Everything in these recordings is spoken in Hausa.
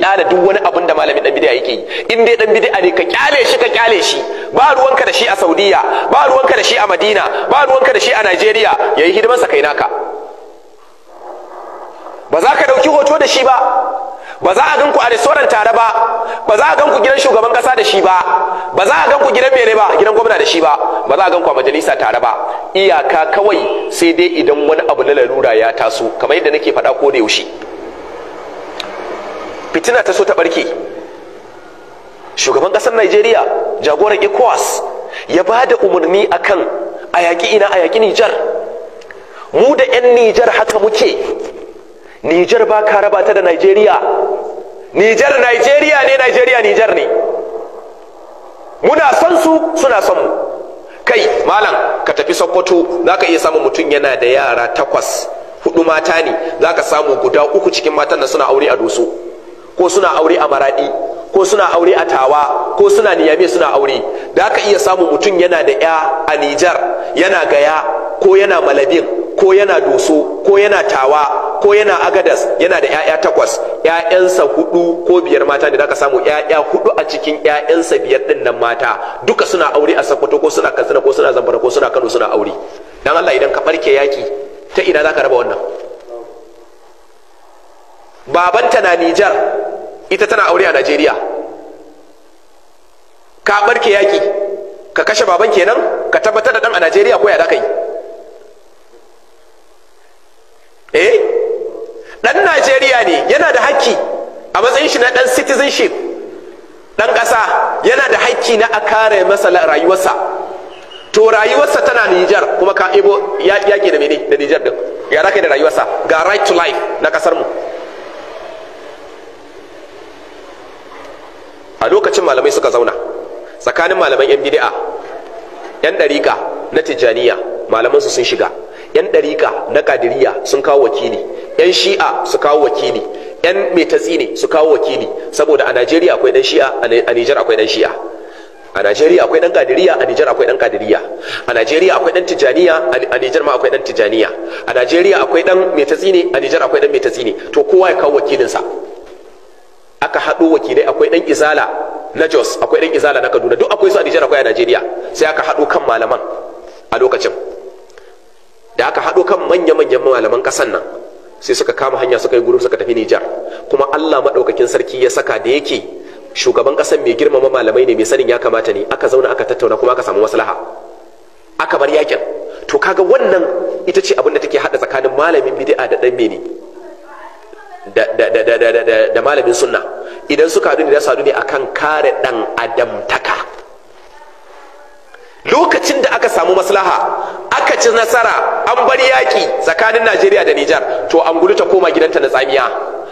kyala duk wani abin da malamin dan bid'a yake yi in dai dan bid'a ne ka kyale shi ka kyale shi ba ruwan ka da shi a Saudiya ba ruwanka da shi a Madina ba ruwanka da shi a Najeriya yayi hidimar sa kai naka ba za ka dauki hoto da shi ba ba za a gan ku a restaurant tare ba ba za a gan ku gidan shugaban kasa da shi ba ba za a gan ku gidan mere ba gidan gwamna da shi ba ba za a gan ku a majalisa tare ba iyaka kawai sai dai idan wani abu na larura ya taso kamar yadda nake faɗa ko da yaushe fitina ta so ta barke shugaban kasar Najeriya jagoran ECOWAS ya ba da umarni akan a yaƙi ina a yaƙi Nijar mu da 'yan Nijar haka muke Nijar ba ka raba ta da Najeriya Nijar Najeriya ne Najeriya Nijar ne muna son su suna son mu kai malam ka tafi Sokoto zaka iya samun mutum yana da yara takwas hudu mata ne zaka samu guda uku cikin matan da suna aure a doso ko suna aure a maradi ko suna aure a tawa ko suna niyame suna aure da aka iya samu mutum yana da ya a nijar yana gaya ko yana malabin ko yana doso ko yana tawa ko yana agadas yana da 'ya'ya takwas 'ya'yansa hudu ko biyar mata da aka samu 'ya'ya hudu a cikin 'ya'yansa biyar din nan mata duka suna aure a sakkwato ko suna katsina ko suna Zambara, ko suna kano suna aure dan allah idan ka barke yaki ta ina za ka raba wannan babanta na nijar ita tana aure a najeriya ka barke yaki ka kashe baban kenan ka tabbatar da dan a najeriya ko ya da kai eh dan najeriya ne yana da hakki a matsayin shi na dan citizenship dan ƙasa yana da hakki na a kare masa rayuwarsa to rayuwarsa tana Nijar kuma ka ebo yaƙi da mene da Nijar din ya da kai da rayuwarsa ga right to life na ƙasar mu a lokacin malamai suka zauna tsakanin malaman yan bid'a yan ɗarika na tijjaniya malamansu sun shiga yan ɗarika na kadiriya sun kawo wakili yan shi'a su kawo wakili yan metatsi ne su kawo wakili saboda a najeriya akwai dan shi'a a nijar akwai dan shi'a a najeriya akwai dan kadiriya a nijar akwai dan kadiriya a najeriya akwai dan tijaniya a nijar ma akwai dan tijaniya a najeriya akwai dan metatsi ne a nijar akwai dan metatsi ne to kowa ya kawo wakilinsa aka haɗo wakilai akwai ɗan izala na jos akwai ɗan izala na kaduna duk akwai su a nijar akwai a najeriya sai aka haɗo kan malaman a lokacin da aka haɗo kan manya-manyan malaman ƙasan nan sai suka kama hanya suka yi gurin suka tafi nijar kuma allah maɗaukakin sarki ya saka da yake shugaban ƙasan mai girmama malamai ne mai sanin ya kamata ne aka zauna aka tattauna kuma aka samu maslaha aka bar yakin to kaga wannan ita ce abin da take haɗa tsakanin malamin bid'a da ɗan mene da malamin sunna idan suka haɗu ne za su ne akan kare ɗan adamtaka lokacin da aka samu maslaha aka ci nasara an bar yaƙi tsakanin najeriya da nijar to an gudu ta koma gidanta na tsamiya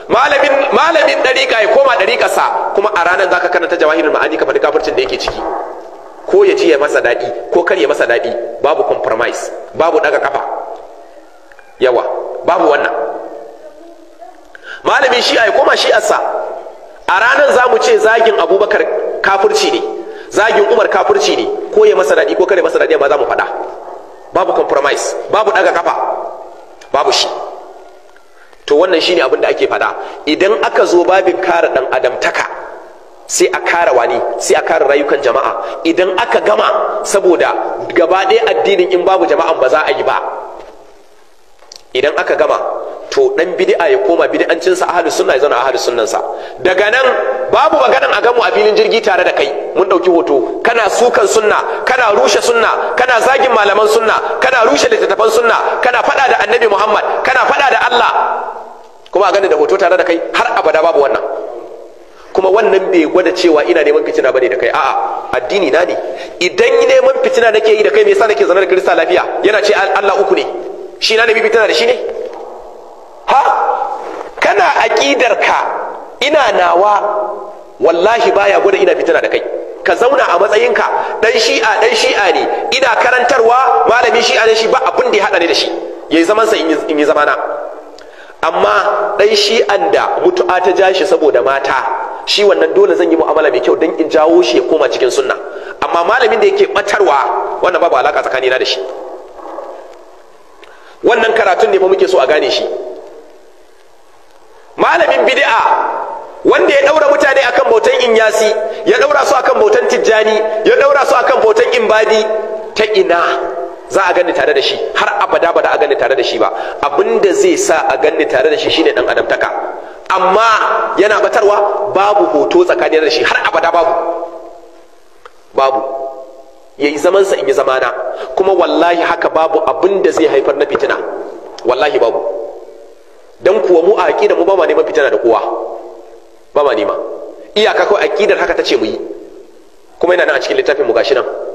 malamin malamin ka ya koma ɗariƙarsa kuma a ranar zaka karanta jawahirul ma'ani ka faɗi kafircin da yake ciki ko ya ji ya masa daɗi ko kar ya masa daɗi babu compromise babu ɗaga kafa yawa babu wannan malamin shi'a ya koma asa a ranar za mu ce zagin abubakar kafirci ne zagin umar kafirci ne ko ya masa daɗi ko kare masa daɗi ba za mu faɗa babu compromise babu ɗaga kafa babu shi to wannan shine abin da ake faɗa idan aka zo babin kare ɗan adamtaka sai a kare wani sai a kare rayukan jama'a idan aka gama saboda gaba ɗaya addinin in babu jama'an ba za a yi ba idan aka gama to dan bid'a ya koma bid'ancin sa ahlus sunna ya zana ahlus sunnan daga nan babu maganan a gamu a filin jirgi tare da kai mun dauki hoto kana sukan sunna kana rushe sunna kana zagin malaman sunna kana rushe littattafan sunna kana fada da annabi Muhammad kana fada da Allah kuma a gani da hoto tare da kai har abada babu wannan kuma wannan bai gwada cewa ina neman fitina bane da kai a'a addini na ne idan neman fitina nake yi da kai me yasa nake zana da Kirista lafiya yana ce Allah uku ne shi na nabi fitina da shi ne ha kana aƙidar ka ina nawa wallahi baya gwada ina fitina da kai ka zauna a matsayinka dan shi'a dan shi'a ne ina karantarwa malamin shi'a ne shi ba abin da ya hada ne da shi yayi zaman sa in yi zamana amma dan shi'an da mutu'a ta ja shi saboda mata shi wannan dole zan yi mu'amala mai kyau dan in jawo shi ya koma cikin sunna amma malamin da yake batarwa wannan babu alaka tsakanina da shi wannan karatun ne fa muke so a gane shi bid'a wanda ya daura mutane akan bautan inyasi ya daura su akan bautan tijjani ya daura su akan bautan imbadi ta ina za a ganni tare da shi har abada ba da a ganni tare da shi ba abinda zai sa a ganni tare da shi shine dan adamtaka amma yana batarwa babu hoto tsakanin da shi har abada babu babu ya zaman zamansa in yi zamana kuma wallahi haka babu abinda zai haifar na fitina wallahi babu Don kuwa mu a aƙida mu ba ma neman fitana da kowa ba ma nema iyaka kawai aƙidar haka ce mu yi kuma yana nan a cikin littafin mu gashi nan